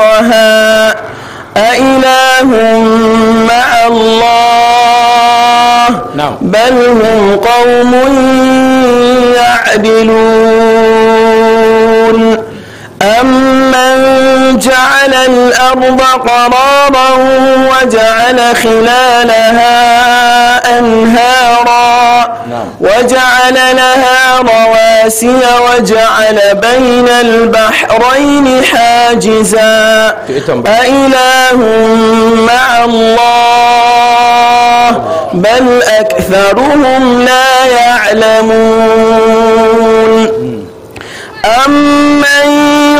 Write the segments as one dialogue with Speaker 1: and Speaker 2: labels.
Speaker 1: خلقها أإله مع الله نعم بل هم قوم يعدلون أمن جعل الأرض قرارا وجعل خلالها أنهارا نعم. وجعل لها رواسي وجعل بين البحرين حاجزا أإله مع الله بل أكثرهم لا يعلمون أمن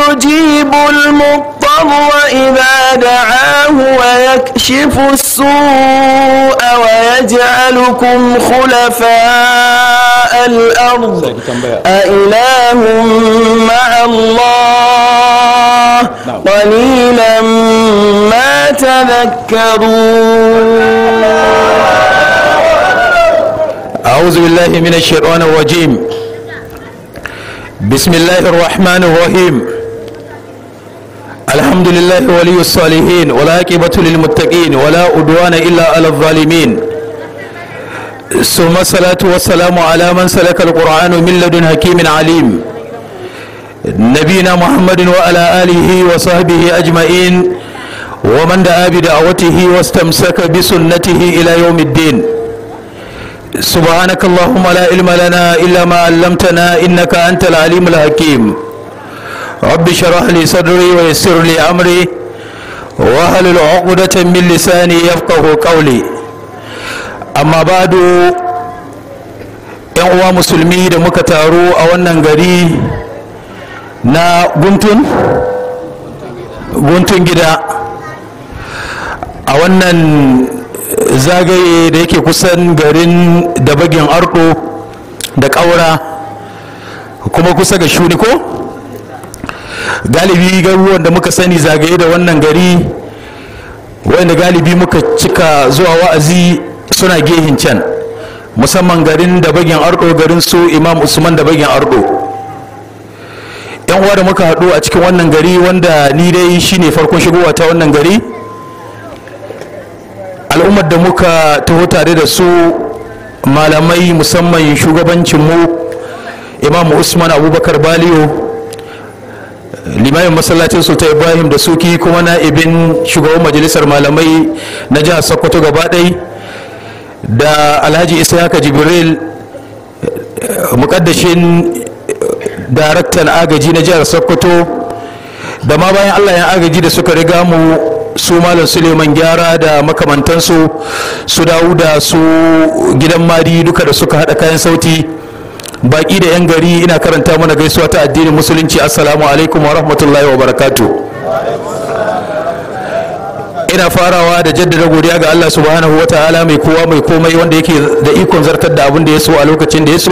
Speaker 1: يجيب المضطر إذا دعاه ويكشف السر السوء ويجعلكم خلفاء الأرض أإله مع الله نعم. قليلا ما تذكرون
Speaker 2: أعوذ بالله من الشيطان الرجيم بسم الله الرحمن الرحيم الحمد لله ولي الصالحين والعاقبة للمتقين ولا عدوان إلا على الظالمين ثم الصلاة والسلام على من سلك القرآن من لدن حكيم عليم نبينا محمد وعلى آله وصحبه أجمعين ومن دعا بدعوته واستمسك بسنته إلى يوم الدين سبحانك اللهم لا علم لنا إلا ما علمتنا إنك أنت العليم الحكيم رب اشرح لي صدري ويسر لي أمري واهلل عقدة من لساني يفقه قولي أما بعد ‘yan uwa musulmi da muka taru a wannan gari na guntun gida a wannan zagaye da yake kusan garin da bagin arɗo da ƙaura kuma kusa ga shuni ko? galibi garuruwan da muka sani zagaye da wannan gari wanda galibi muka cika zuwa wa'azi suna gehin can musamman garin da bagin ardo garin su imam usman da bagin ardo yan uwa da muka haɗu a cikin wannan gari wanda ni dai shine farkon shigowa ta wannan gari al'ummar da muka taho tare da su malamai musamman mu imam usman abubakar baliyo limamin masallacin sultan ibrahim da suki kuma na'ibin shugaban majalisar malamai na jihar sokoto gaba ɗai da alhaji isaka jibril mukaddashin daraktan agaji na jihar sokoto da ma bayan allah ya agaji da suka riga mu su malam suleiman gyara da makamantansu su dawo da su gidan madi duka da suka haɗa kayan sauti baki da yan gari ina karanta mana gaisuwa ta addinin musulunci assalamu alaikum wa rahmatullahi wa barakatu ina farawa da jaddada godiya ga Allah subhanahu wa ta'ala mai kowa mai komai wanda yake da ikon zartar da abin da ya so a lokacin da ya so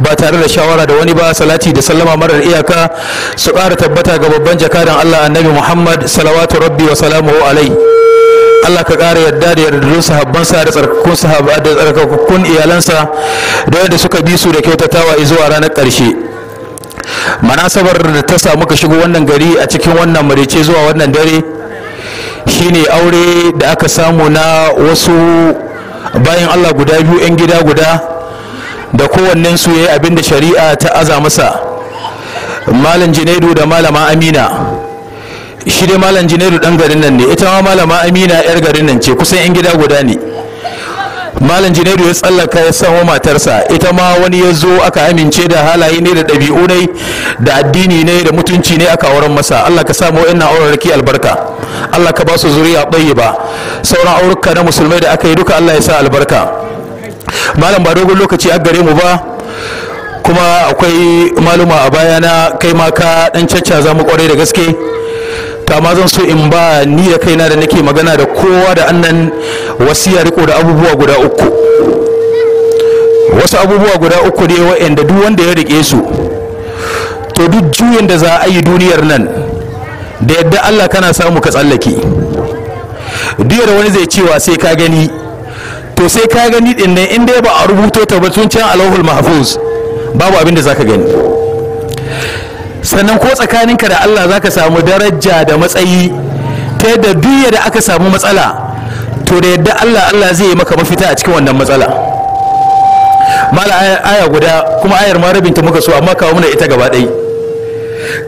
Speaker 2: ba tare da shawara da wani ba salati da sallama marar iyaka su ƙara tabbata ga babban jakadan Allah annabi Muhammad salawatu rabbi wa salamuhu alaihi Allah ka ƙara yadda da yardadun sahabbansa da tsarkakun sahabba da tsarkakun iyalansa da yadda suka bi su da kyautatawa zuwa ranar ƙarshe manasabar da ta samu ka shigo wannan gari a cikin wannan marice zuwa wannan dare shine aure da aka samu na wasu bayan Allah guda biyu 'yan gida guda da kowannen su yi abin da shari'a ta aza masa malam Junaidu da malama Amina shi dai malam janairu dan garin nan ne ita ma malama amina yar garin nan ce kusan yan gida guda ne malam janairu ya tsallaka ya samo matarsa ita ma wani ya zo aka amince da halaye ne da ɗabi'u ne da addini ne da mutunci ne aka auren masa allah ka samu auren aurarki albarka allah ka ba su zuriya ɓaye ba sauran aurarka na musulmai da aka yi duka allah ya sa albarka malam ba dogon lokaci a gare mu ba kuma akwai maluma a baya na kai ma ka dan cacca za mu kwarai da gaske to ma zan so in ba ni da kaina da nake magana da kowa da annan wasiya riko da abubuwa guda uku wasu abubuwa guda uku ne wa'anda duk wanda ya rike su to duk juyin da za a yi duniyar nan da yadda Allah kana samu ka tsallake duniyar wani zai cewa sai ka gani to sai ka gani din nan in ba a rubuto ta ba tun can alawul mahfuz babu abin da zaka gani sannan ko tsakaninka da Allah zaka samu daraja da matsayi ta yadda duk da aka samu matsala to da yadda Allah Allah zai yi maka mafita a cikin wannan matsala mala aya guda kuma ayar ma rabinta muka so amma kawo muna ita gaba ɗai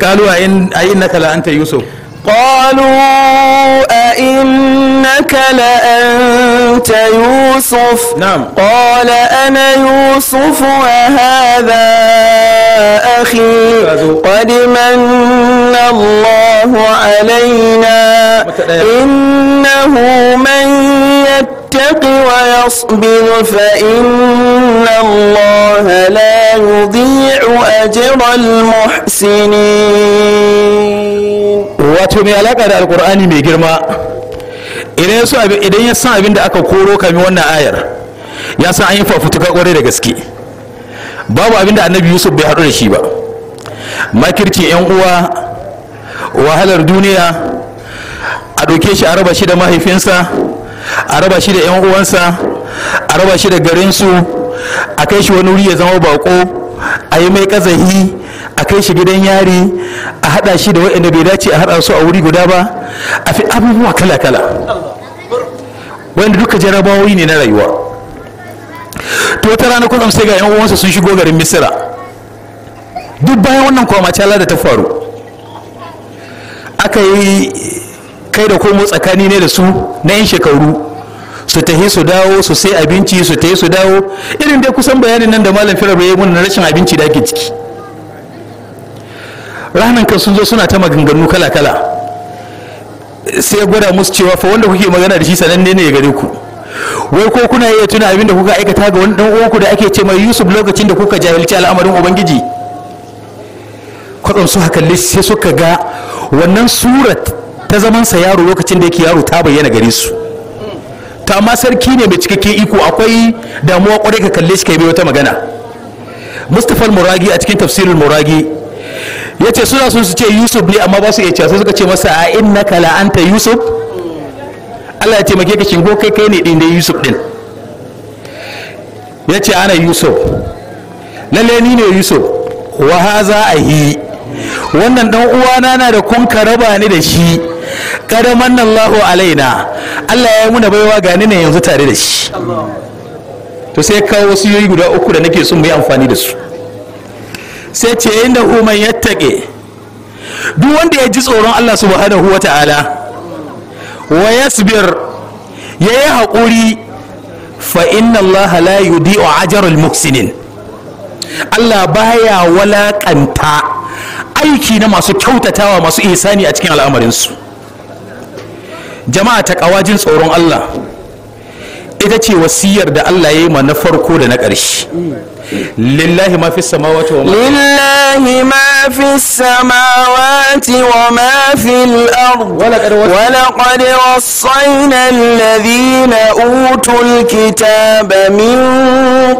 Speaker 2: kalu a innaka la anta yusuf
Speaker 1: قالوا أئنك لأنت يوسف نعم قال أنا يوسف وهذا أخي قد من الله علينا إنه من يتق ويصبر فإن الله لا يضيع أجر المحسنين واتو علاقة da
Speaker 2: alkur'ani mai girma idan ya san abin da aka koro kami wannan ayar ya san an yi fafutuka kwarai da gaske babu abinda annabi yusuf bai haɗu da shi ba makirci yan uwa wahalar duniya a ɗauke shi a raba shi da mahaifinsa a raba shi da yan uwansa a raba shi da garinsu a kai shi wani wuri ya zama bako a yi mai kazahi a kai shi gidan yari a hada shi da wa'anda bai dace a hada su a wuri guda ba a fi abubuwa kala-kala wanda duka jarabawoyi ne na rayuwa to ta rana kwatsam sai ga yan uwansa sun shigo garin misira duk bayan wannan kwamacala da ta faru aka yi kai da komo tsakani ne da su na yin shekaru su tahi su dawo su sai abinci su tahi su dawo irin dai kusan bayanin nan da malam firar ya mun na rashin abinci da ake ciki ranar kan sun zo suna ta maganganu kala-kala sai ya gwada musu cewa fa wanda kuke magana da shi sananne ne ya gare ku wai ko kuna iya tuna abin da kuka aikata ga wani dan ku da ake ce mai Yusuf lokacin da kuka jahilci al'amarin ubangiji kwatsam su haka sai suka ga wannan surat ta zamansa yaro lokacin da yake yaro ta bayyana gare su to amma sarki ne mai cikakken iko akwai damuwa kwarai ka kalle shi kai bai wata magana mustapha muragi a cikin tafsirin muragi ya ce suna sun su ce yusuf ne amma ba su iya cewa sai suka ce masa a innaka la anta yusuf Allah ya ce mage ka shigo kai kai ne din da Yusuf din ya ce ana Yusuf lalle ni ne Yusuf wa haza ahi wannan dan uwana na da kun raba ni da shi karaman Allahu alaina Allah ya yi muna baiwa ga ni ne yanzu tare da shi to sai kawo wasu yoyi guda uku da nake son mu yi amfani da su sai ce inda umar yattake duk wanda ya ji tsoron Allah subhanahu wa ta'ala wa yasbir ya yi haƙuri fa inna Allah la a ajarul muksinin Allah baya walaƙanta aiki na masu kyautatawa masu ihsani a cikin al'amarinsu jama'a ta ƙawajin tsoron Allah ita ce wasiyar da Allah ya yi ma na farko da na ƙarshe lillahi ma fi samawati wa ma
Speaker 1: lillahi ma fi samawati wa ma fi al-ard wa min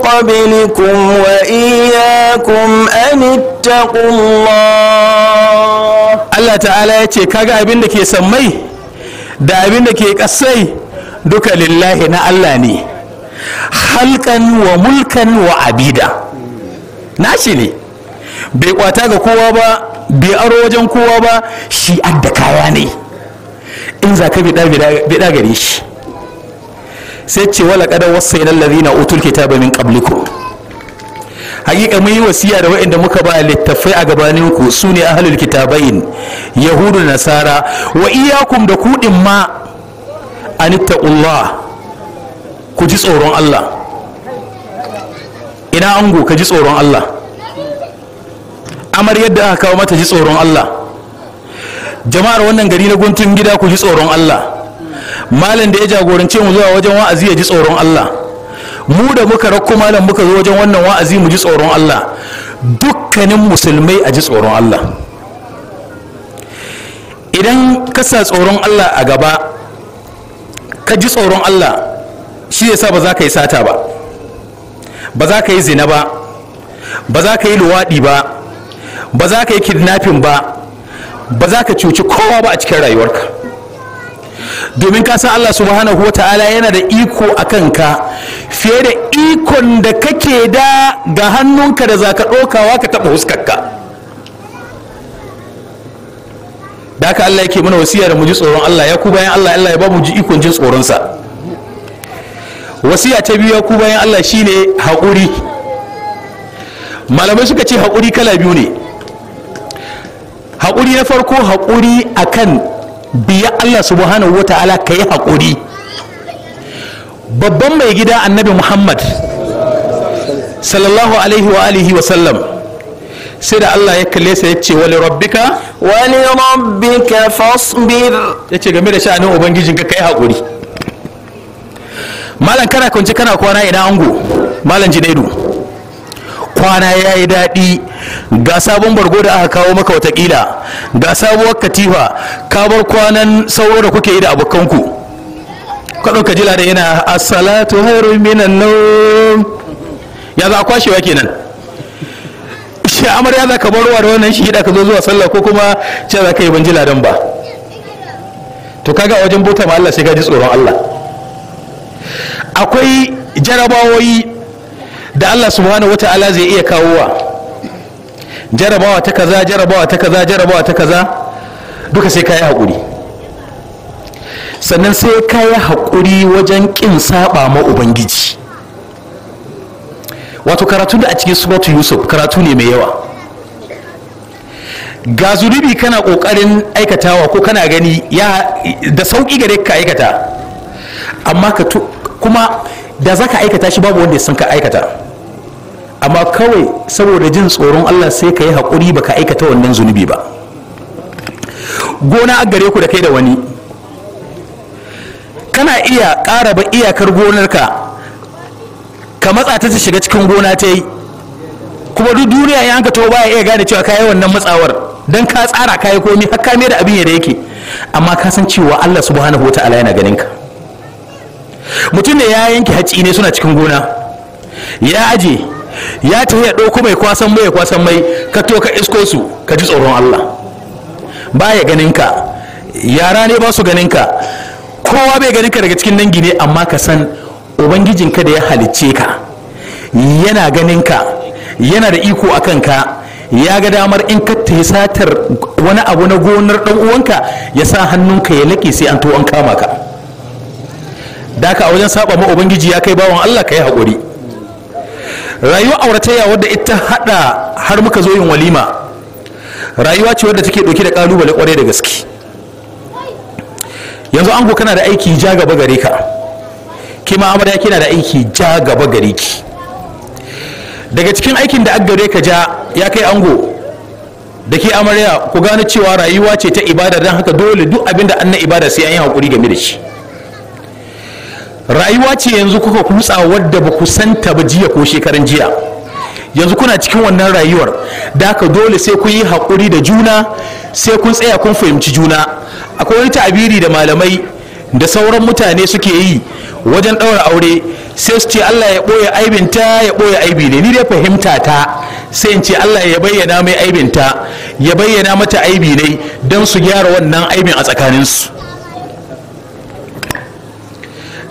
Speaker 1: qablikum wa iyyakum an ittaqullah Allah ta'ala yace kaga abin da ke sammai
Speaker 2: da abin da ke kasai duka lillahi na Allah ne halkan wa mulkan wa abida Na shi ne bai kwata ga kowa ba bai aro wajen kowa ba shi adda kaya ne in za ka bida gare shi sai ce wala kadar wasu yanar lalina utul kitaba min qablikum hakika mun yi wasiya da waɗanda muka ba littafai a gabaninku su ne ahlul kitabain yahudu nasara wa iyakum da kuɗin ma anittaqullah ku ji tsoron Allah ina ango ka ji tsoron Allah amar yadda aka kawo mata ji tsoron Allah jama'ar wannan gari na guntun gida ku ji tsoron Allah malam da ya jagorance mu zuwa wajen wa'azi ya ji tsoron Allah mu da muka rakko malam muka zo wajen wannan wa'azi mu ji tsoron Allah dukkanin musulmai a ji tsoron Allah idan ka sa tsoron Allah a gaba ka ji tsoron Allah shi sa ba za ka yi sata ba ba za ka yi zina ba ba za ka yi luwaɗi ba ba za ka yi kidnapping ba ba za ka cuci kowa ba a cikin rayuwarka domin ka san Allah subhanahu wa ta'ala yana da iko a kanka fiye da ikon da kake da ga hannunka da za ka ɗaukawa ka taɓa huskarka da haka Allah yake mana wasiya da mu ji tsoron Allah ya ku bayan Allah ya ba mu ji ikon jin tsoronsa wasiya ta biyu ku bayan Allah shi ne haƙuri malamai suka ce haƙuri kala biyu ne haƙuri na farko haƙuri akan biya Allah subhanahu wa ta'ala ka yi haƙuri babban mai gida annabi Muhammad sallallahu alaihi wa alihi wa sallam sai da Allah ya kalle sa ya ce wani rabbika wani rabbika fasbir ya ce game da sha'anin ubangijinka yi haƙuri malam kana kwanci kana kwana ina ango malam junaidu kwana ya yi daɗi ga sabon bargo da aka kawo maka watakila ga sabuwar katifa ka bar kwanan sauro da kuke yi da abokanku ka ɗauka jila da yana asalatu hairu minan nan, ya za a kwashewa kenan shi amarya za ka barwa da wannan shi da ka zo zuwa sallah ko kuma ce za ka yi ban jila don ba to kaga wajen bota ma Allah sai ka ji tsoron Allah akwai jarabawoyi da Allah subhanahu wa ta'ala zai iya kawowa jarabawa ta kaza jarabawa ta kaza jarabawa ta kaza duka sai kayi hakuri. sannan sai kayi haƙuri wajen ƙin saba ma ubangiji wato karatu da a cikin suratu yusuf karatu ne mai yawa ga zunubi kana ƙoƙarin aikatawa ko kana gani ya da sauƙi gare ka aikata amma ka kuma da za ka aikata shi babu wanda sun ka aikata amma kawai saboda jin tsoron allah sai ka yi haƙuri baka aikata wannan zunubi ba gona a gare ku da kai da wani kana iya ƙara ba iyakar gonarka ka matsa ta shiga cikin gona ta yi kuma duk duniya ya hankata ba baya iya gane cewa ka yi wannan matsawar Don ka tsara kayi komi har ka da abin yadda yake amma ka san cewa allah subhanahu wa ta'ala yana ganin ka mutum ne ya yanke haci ne suna cikin gona ya aje ya tafi ya ɗauko mai kwasan mai kwasan mai ka to ka isko su ka ji tsoron Allah baya ganin ka yara ne ba su ganin ka kowa bai ganin ka daga cikin dangi ne amma ka san ubangijin ka da ya halicce ka yana ganin ka yana da iko a ka ya ga damar in ka ta satar wani abu na gonar ɗan uwanka ya sa hannunka ya laƙe sai an to an kama ka Daka a wajen saba ma ubangiji ya kai bawan Allah ka yi haƙuri rayuwa auratayya wadda ita haɗa har muka zo yin walima rayuwa ce wadda take dauke da kalubale kware da gaske yanzu ango kana da aiki ja gaba gare ka kima amarya kina da aiki ja gaba gare ki daga cikin aikin da aggare ka ja ya kai ango da ke amarya ku gane cewa rayuwa ce ta ibada don haka dole duk abinda an na ibada sai an yi haƙuri game da shi rayuwa ce yanzu kuka kutsa wadda ba ku santa ba jiya ko shekaran jiya yanzu kuna cikin wannan rayuwar da haka dole sai kun yi haƙuri da juna sai kun tsaya kun fahimci juna akwai wani tabiri da malamai da sauran mutane suke yi wajen ɗaura aure sai su ce Allah ya ɓoye aibinta ya ɓoye aibi ne ni dai fahimta ta sai in ce Allah ya bayyana mai aibinta ya bayyana mata aibi ne don su gyara wannan aibin a tsakaninsu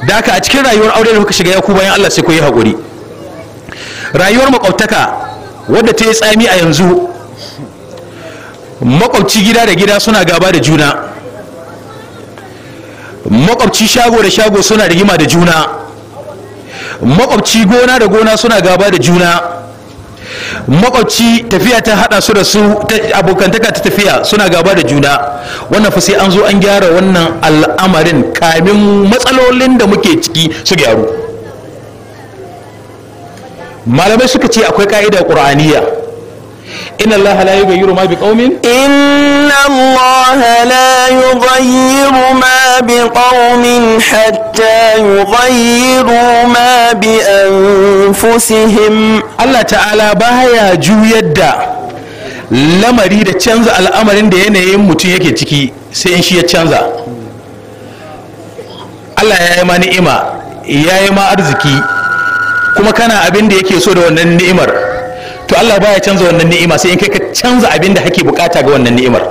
Speaker 2: da haka a cikin rayuwar aure da kuka shiga ya ku bayan Allah sai ku yi haƙuri rayuwar makwabtaka wadda ta yi tsami a yanzu makwabci gida da gida suna gaba da juna makwabci shago da shago suna rigima da juna makwabci gona da gona suna gaba da juna makwabci tafiya ta hada su da su abokantaka ta tafiya suna gaba da juna wannan fa sai an zo an gyara wannan al'amarin kamin matsalolin da muke ciki su gyaru malamai suka ce akwai ka'ida ƙur'aniya inna
Speaker 1: allaha la yughayyiru ma biqaumin inna allaha la yughayyiru ma biqaumin hatta yughayyiru ma بأنفسهم الله تعالى baya juyar da
Speaker 2: lamari da canza al'amarin da yanayin mutum yake ciki sai in shi ya canza Allah ya yi ma ni'ima ya yi ma arziki kuma kana abin da yake so da wannan ni'imar to Allah baya canza wannan ni'ima sai in kai ka canza abin da hake bukata ga wannan ni'imar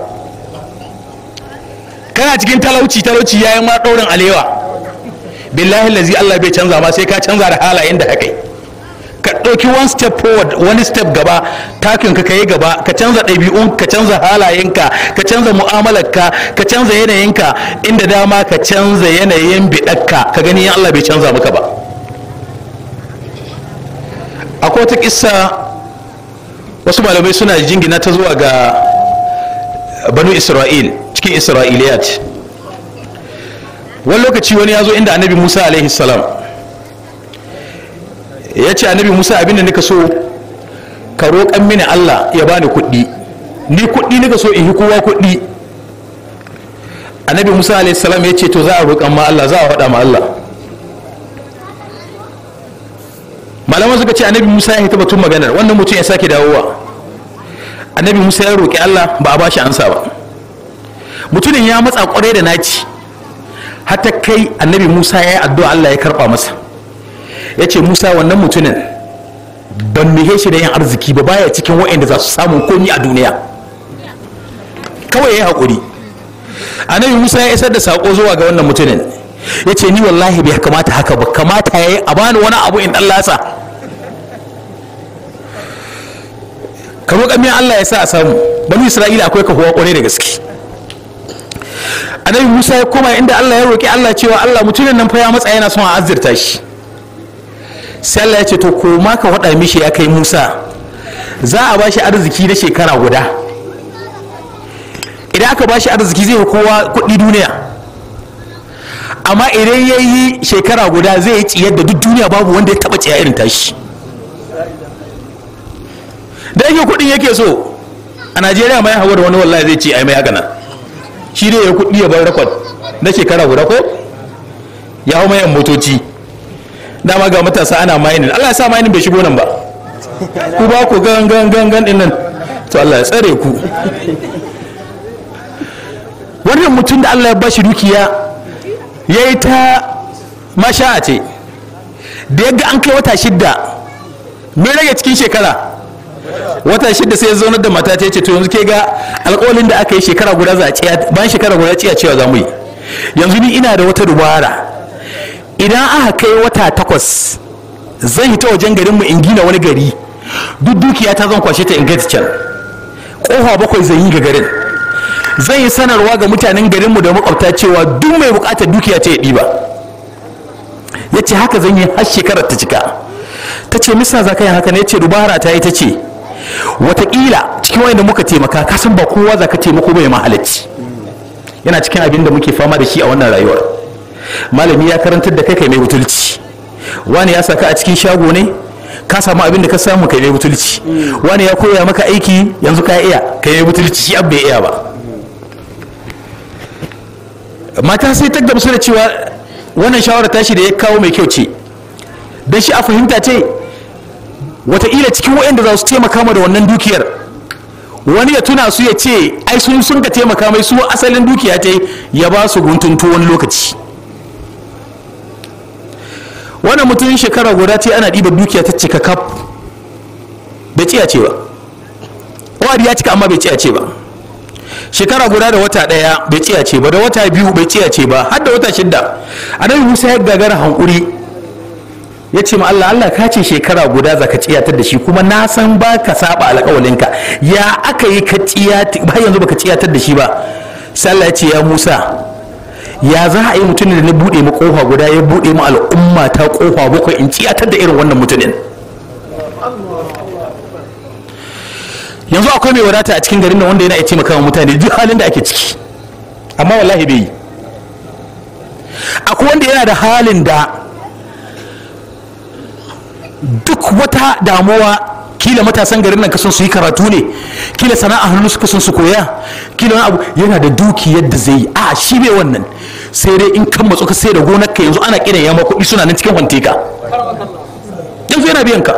Speaker 2: kana cikin talauci talauci ya yi ma ɗaurin alewa billahi lazi Allah bai canza ma sai ka canza da halayen da kai ka ɗauki one step forward wani step gaba takin ka kai gaba ka canza ɗabi'un ka canza halayenka ka canza mu'amalarka ka canza yanayinka inda dama ka canza yanayin biɗakka ka gani Allah bai canza maka ba akwai wata kissa wasu malamai suna jingina ta zuwa ga banu isra'il cikin isra'iliyat wani lokaci wani ya zo inda annabi musa alaihi salam ya ce annabi musa abinda nika so ka roƙan mini allah ya bani kuɗi ni kuɗi nika so in yi kowa kuɗi annabi musa alaihi salam ya ce to za a roƙan ma allah za a faɗa ma allah malaman suka ce annabi musa ya taɓa tun maganar wannan mutum ya sake dawowa annabi musa ya roƙi allah ba a ba shi ansa ba mutumin ya matsa ƙwarai da naci hata kai annabi musa ya yi addu'a allah ya karɓa masa ya ce musa wannan mutumin ban mihe shi da yin arziki ba baya cikin waɗanda za su samu komi a duniya kawai ya yi haƙuri annabi musa ya isar da saƙo zuwa ga wannan mutumin ya ce ni wallahi bai kamata haka ba kamata ya yi a bani wani abu in allah sa kamar roƙa Allah ya sa a samu bani isra'ila akwai kahuwa ƙwarai da gaske annabi musa ya koma inda allah ya roƙi allah cewa allah mutumin nan fa ya matsa yana son a azirta shi sai allah ya ce to koma ka faɗa mishi ya kai musa za a ba shi arziki na shekara guda idan aka ba shi arziki zai yi kowa kuɗi duniya amma idan ya yi shekara guda zai yi ciyar da duk duniya babu wanda ya taɓa ciyar irin tashi da yake kuɗin yake so a najeriya mai hawa da wani wallahi zai ce ai mai haka shi dai ya kuɗi ya bar rakwat na shekara guda ko ya hau mayan motoci dama ga matasa ana mayanin allah ya sa mayanin bai shigo nan ba ku ba ku gan gan gan gan din nan to allah ya tsare ku wannan mutum da allah ya bashi dukiya ya yi ta masha'a ce da ya ga an kai wata shidda mai rage cikin shekara wata shida sai ya zaunar da mata ta ce to yanzu ke ga alkawalin da aka yi shekara guda za a bayan shekara guda ciya cewa za mu yi yanzu ni ina da wata dubara idan aka kai wata takwas zan hita wajen garin mu in gina wani gari duk dukiya ta zan kwashe ta in gaji can kofa bakwai zan yi ga garin zan yi sanarwa ga mutanen garin mu da makwabta cewa duk mai bukatar dukiya ta ya ba ya ce haka zan yi har shekarar ta cika ta ce misa za ka yi haka ne ya ce dubara ta yi ta ce wataƙila cikin wayanda muka taimaka kasan ba kowa za ka taimako bai ma halacci yana cikin abin da muke fama da shi a wannan rayuwar malami ya karantar da kai kai mai butulci wani ya saka a cikin shago ne ka samu abin da ka samu kai mai butulci wani ya koya maka aiki yanzu ka iya kai mai butulci shi bai iya ba mata sai ta gamsu da cewa wannan shawara tashi da ya kawo mai kyau ce dan shi a fahimta ce wataƙila cikin waɗanda za su taimaka ma da wannan dukiyar wani ya tuna su ya ce ai sun sun ka taimaka mai su asalin dukiya ta ya ba su guntuntu wani lokaci wannan mutum shekara guda ce ana ɗiba dukiya ta cika kaf bai ciya ce ba wa'adi ya cika amma bai ciya ce ba shekara guda da wata ɗaya bai ciya ce ba da wata biyu bai ciya ce ba har da wata shidda annabi musa ya gagara hankuri ya ce ma Allah Allah ka ce shekara guda za ka ciyatar da shi kuma na san ba ka saba alƙawalinka ya aka yi ka ciyata ba yanzu ba ka ciyatar da shi ba sai ya ce ya Musa ya za a yi mutumin da na buɗe mu ƙofa guda ya buɗe mu al'umma ta ƙofa bakwai in ciyatar da irin wannan mutumin yanzu akwai mai wadata a cikin garin nan wanda yana iya wa mutane duk halin da ake ciki amma wallahi bai yi akwai wanda yana da halin da duk wata damuwa kila matasan garin nan kasan su yi karatu ne kila sana'a hannu suka son su koya kila abu yana da duki yadda zai yi a shi bai wannan sai dai in kan matsu ka sai da gonar ka yanzu ana kiran yamma kuɗi suna nan cikin ka yanzu yana biyan ka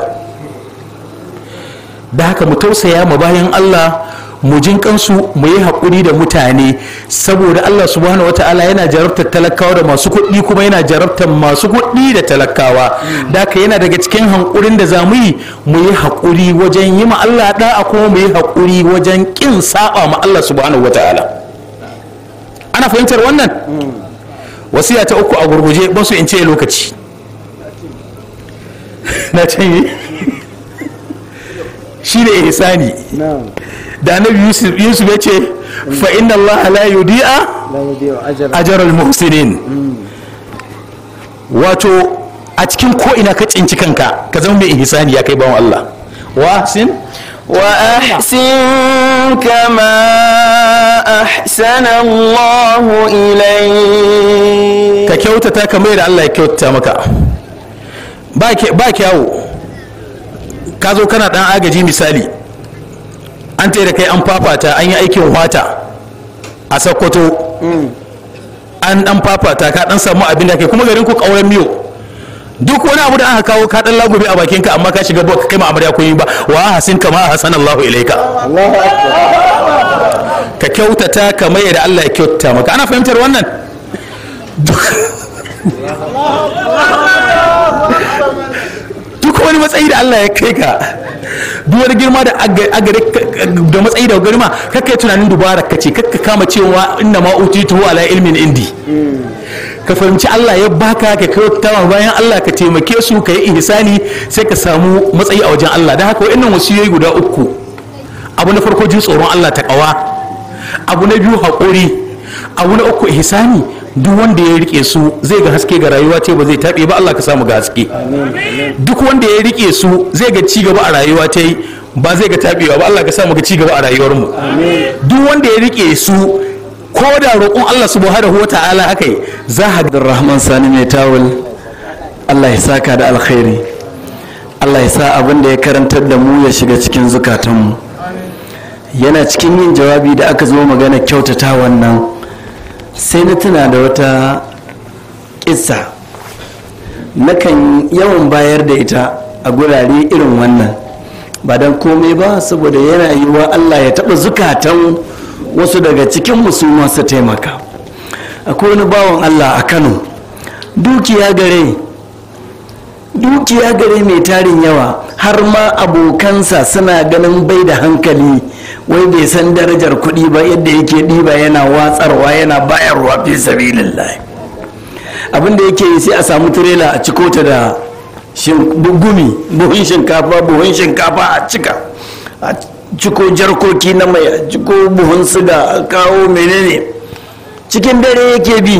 Speaker 2: da haka mu tausaya mu bayan Allah mu jin kansu mu yi haƙuri da mutane saboda Allah subhanahu wataala yana jarabtar talakawa da masu kuɗi kuma yana jarabtar masu kuɗi da talakawa da ka yana daga cikin hankurin da za mu yi mu yi haƙuri wajen yi ma Allah a kuma mu yi haƙuri wajen ƙin saba ma Allah subhanahu wataala ana fahimtar wannan wasiya ta uku a gurguje ba su in ce lokaci na canyi shi da ihsani da annabi yusuf ya ce fa inna allah la yudi'a
Speaker 3: ajaral muhsinin
Speaker 2: mm. wato a cikin ko ina ka cinci
Speaker 1: kanka ka zama mai
Speaker 2: ihsani ya kai bawon allah
Speaker 1: wa sin wa ahsin kama ahsana allah ilai ka kyautata kamar da allah ya kyautata maka
Speaker 2: ba kyawu ka zo kana dan agaji misali an da kai an fafata an yi aikin wata a sakkwato an dan fafata ka dan samu abin da ke kuma garin ku kauren miyo duk wani abu da aka kawo ka dan lagube a bakin ka amma ka shiga ba kai ma amarya kun ba wa hasin kama hasan Allahu ilaika ka kyautata kamar yadda Allah ya kyautata maka ana fahimtar wannan wani matsayi da Allah ya kai ka duk wani girma da agare da matsayi da girma kakka tunanin dubara ka ce kakka kama cewa inna ma tuwo ala ilmin indi ka fahimci Allah ya baka ka kai tawa bayan Allah ka taimake su ka yi ihsani sai ka samu matsayi a wajen Allah don haka wa'annan yayi guda uku abu na farko jin tsoron Allah ta kawa abu na biyu haƙuri abu na uku ihsani duk wanda ya rike su zai ga haske ga rayuwa ce ba zai taɓe ba Allah ka samu ga haske duk wanda ya rike su zai ga ci gaba a rayuwa ta yi ba zai ga taɓewa ba Allah ka samu ga ci gaba a
Speaker 3: rayuwar mu duk wanda ya rike su ko da roƙon Allah subhanahu wata'ala haka yi za ha ga rahman sani mai tawul Allah ya saka da alkhairi Allah ya sa abin da ya karantar da mu ya shiga cikin zukatanmu yana cikin yin jawabi da aka zo magana kyautata wannan sai na tuna da wata ƙissa kan yawan bayar da ita a gurare irin wannan ba don komai ba saboda yana yiwuwa allah ya taɓa zukatan wasu daga cikin musulman su taimaka akwai wani bawan allah a kano dukiya gare dukiya gare mai tarin yawa har ma abokansa suna ganin bai da hankali wai bai san darajar kuɗi ba yadda yake ɗiba yana watsarwa yana bayarwa fi sabilillah abin da yake yi sai a samu tirela a ciko ta da gumi buhun shinkafa buhun shinkafa a cika a ciko jarkoki na mai a ciko buhun suga a kawo menene cikin dare yake bi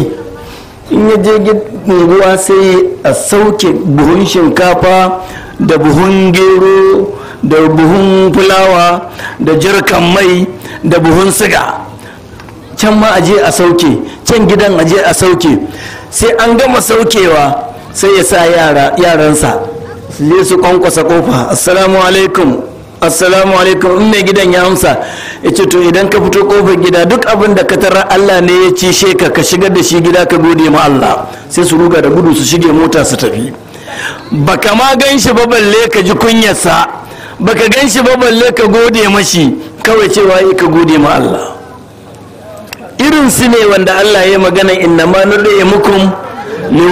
Speaker 3: in ya je unguwa sai a sauke buhun shinkafa da buhun gero da buhun fulawa da jirkan mai da buhun siga can ma aje a sauke can gidan aje a sauke sai an gama saukewa sai ya sa yaransa su je su kwankwasa kofa assalamu alaikum assalamu alaikum in mai gidan ya amsa ya ce to idan ka fito kofar gida duk abin da ka tara Allah ne ya ci sheka ka shigar da shi gida ka gode ma Allah sai su ruga da gudu su shige mota su tafi baka ma gan shi ba balle ka ji kunyarsa baka gan shi ba balle ka gode mashi kawai cewa yi ka gode ma Allah irin su ne wanda Allah ya magana inna ma muku mukum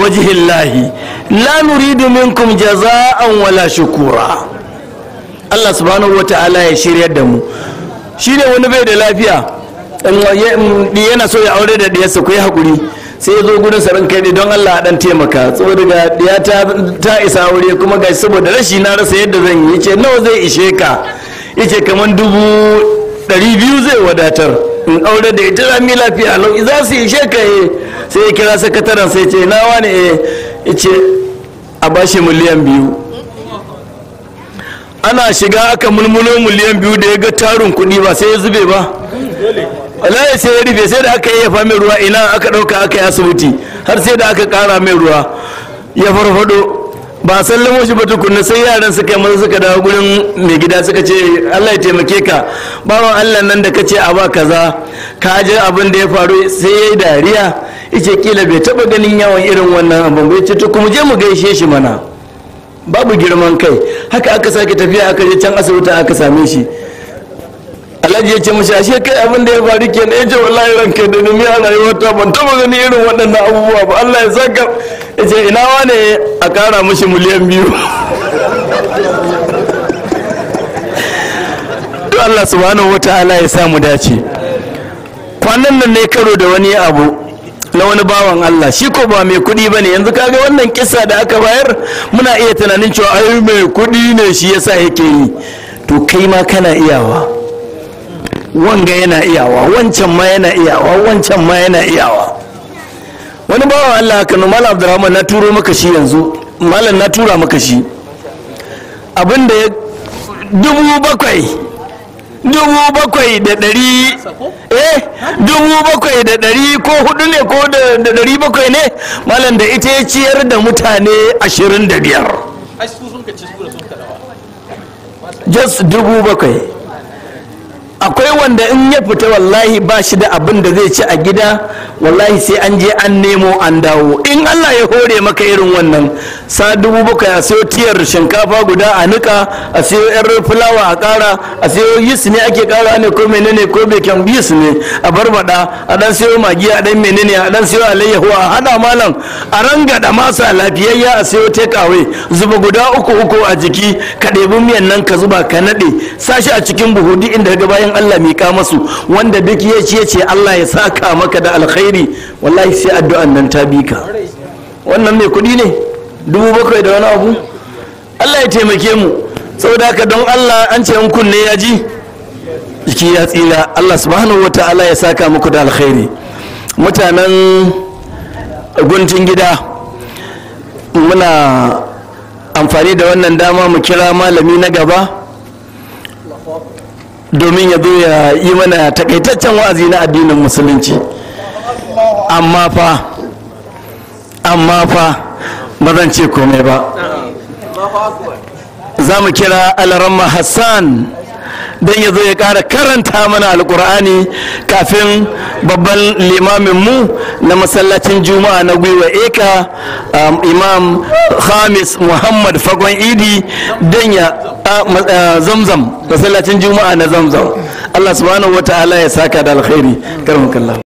Speaker 3: wajihin lahi la nuridu minkum jaza'an wala shukura Allah subhanahu Ta'ala ya shirya da mu ne wani bai da lafiya yana so ya aure da ɗiyarsa, ku yi hakuri sai ya zo gudun sarin kai ne don allah dan taimaka saboda ga ya ta isa wuri kuma ga saboda rashi na rasa yadda zan yi ce nawa zai ishe ka yace kamar dubu ɗari zai wadatar in aure da ita rami lafiya lauki za su ishe ka ye eh. sai ya kira sakataren sai ce na wani e eh? ce a bashi miliyan biyu ana shiga aka mulmulo miliyan biyu da ya ga tarin kuɗi ba sai ya zube ba wallahi sai ya rufe sai da aka iya mai ruwa ina aka ɗauka aka yi asibiti har sai da aka ƙara mai ruwa ya farfado ba sallamo shi ba tukunna sai yaran suka yi maza suka dawo gurin mai gida suka ce Allah ya taimake ka bawan Allah nan da ka ce a ba kaza ka ji abin da ya faru sai ya yi dariya yace kila bai taba ganin yawan irin wannan abin bai ce to kuma je mu gaishe shi mana babu girman kai haka aka sake tafiya aka je can asibiti aka same shi alhaji ya ce mashi ashe kai abin da ya faru ke na yace wallahi kai da ni a rayuwata ban taba gani irin waɗannan abubuwa ba Allah ya saka ce ina wane a kara mashi miliyan biyu to Allah subhanahu ala ya samu dace kwanan nan ne karo da wani abu na wani bawan Allah shi ko ba mai kuɗi ba ne yanzu kaga wannan kisa da aka bayar muna iya tunanin cewa ai mai kuɗi ne shi yasa yake yi to kai ma kana iyawa wanga yana iyawa wancan ma yana iyawa wancan ma yana iyawa wani bawa Allah haka no malam Abdurrahman na turo maka shi yanzu malam na tura maka shi abinda ya dubu bakwai dubu bakwai da dari eh dubu bakwai da dari ko hudu ne ko da dari bakwai ne malam da ita ya ciyar da mutane ashirin da biyar just dubu bakwai akwai wanda in ya fita wallahi ba shi da abin da zai ci a gida wallahi sai an je an nemo an dawo in allah ya hore maka irin wannan sa dubu bakwai a sayo tiyar shinkafa guda a nika a sayo yar fulawa a kara a sayo yis ne ake kara ne ko menene ko bekin yis ne a barbada a dan sayo magi a dan menene a dan sayo alayyahu a hada malam a rangada masa lafiyayya a sayo take zuba guda uku uku a jiki ka ɗebi miyan nan ka zuba ka naɗe sashi a cikin buhu duk inda ga bayan Allah Allah mika masu wanda duk ya ce ce Allah ya saka maka da alkhairi wallahi sai addu'an nan ta bi ka wannan mai kudi ne dubu bakwai da wani abu Allah ya taimake mu saboda haka don Allah an ce an kunne ya ji jiki ya tsira Allah subhanahu wa Allah ya saka muku da alkhairi mutanen guntun gida muna amfani da wannan dama mu kira malami na gaba domin ya zo ya yi mana takaitaccen wa'azi na addinin musulunci amma fa amma fa ba zan ce komai ba za mu kira alaramma hassan don ya zo ya kara karanta mana alƙur'ani kafin babban limamin mu na masallacin juma'a na gwiwa eka um, imam khamis muhammad fagon idi don ya zamzam masallacin juma'a na zamzam allah subhanahu wa ta'ala ya saka da alkhairi karamakallah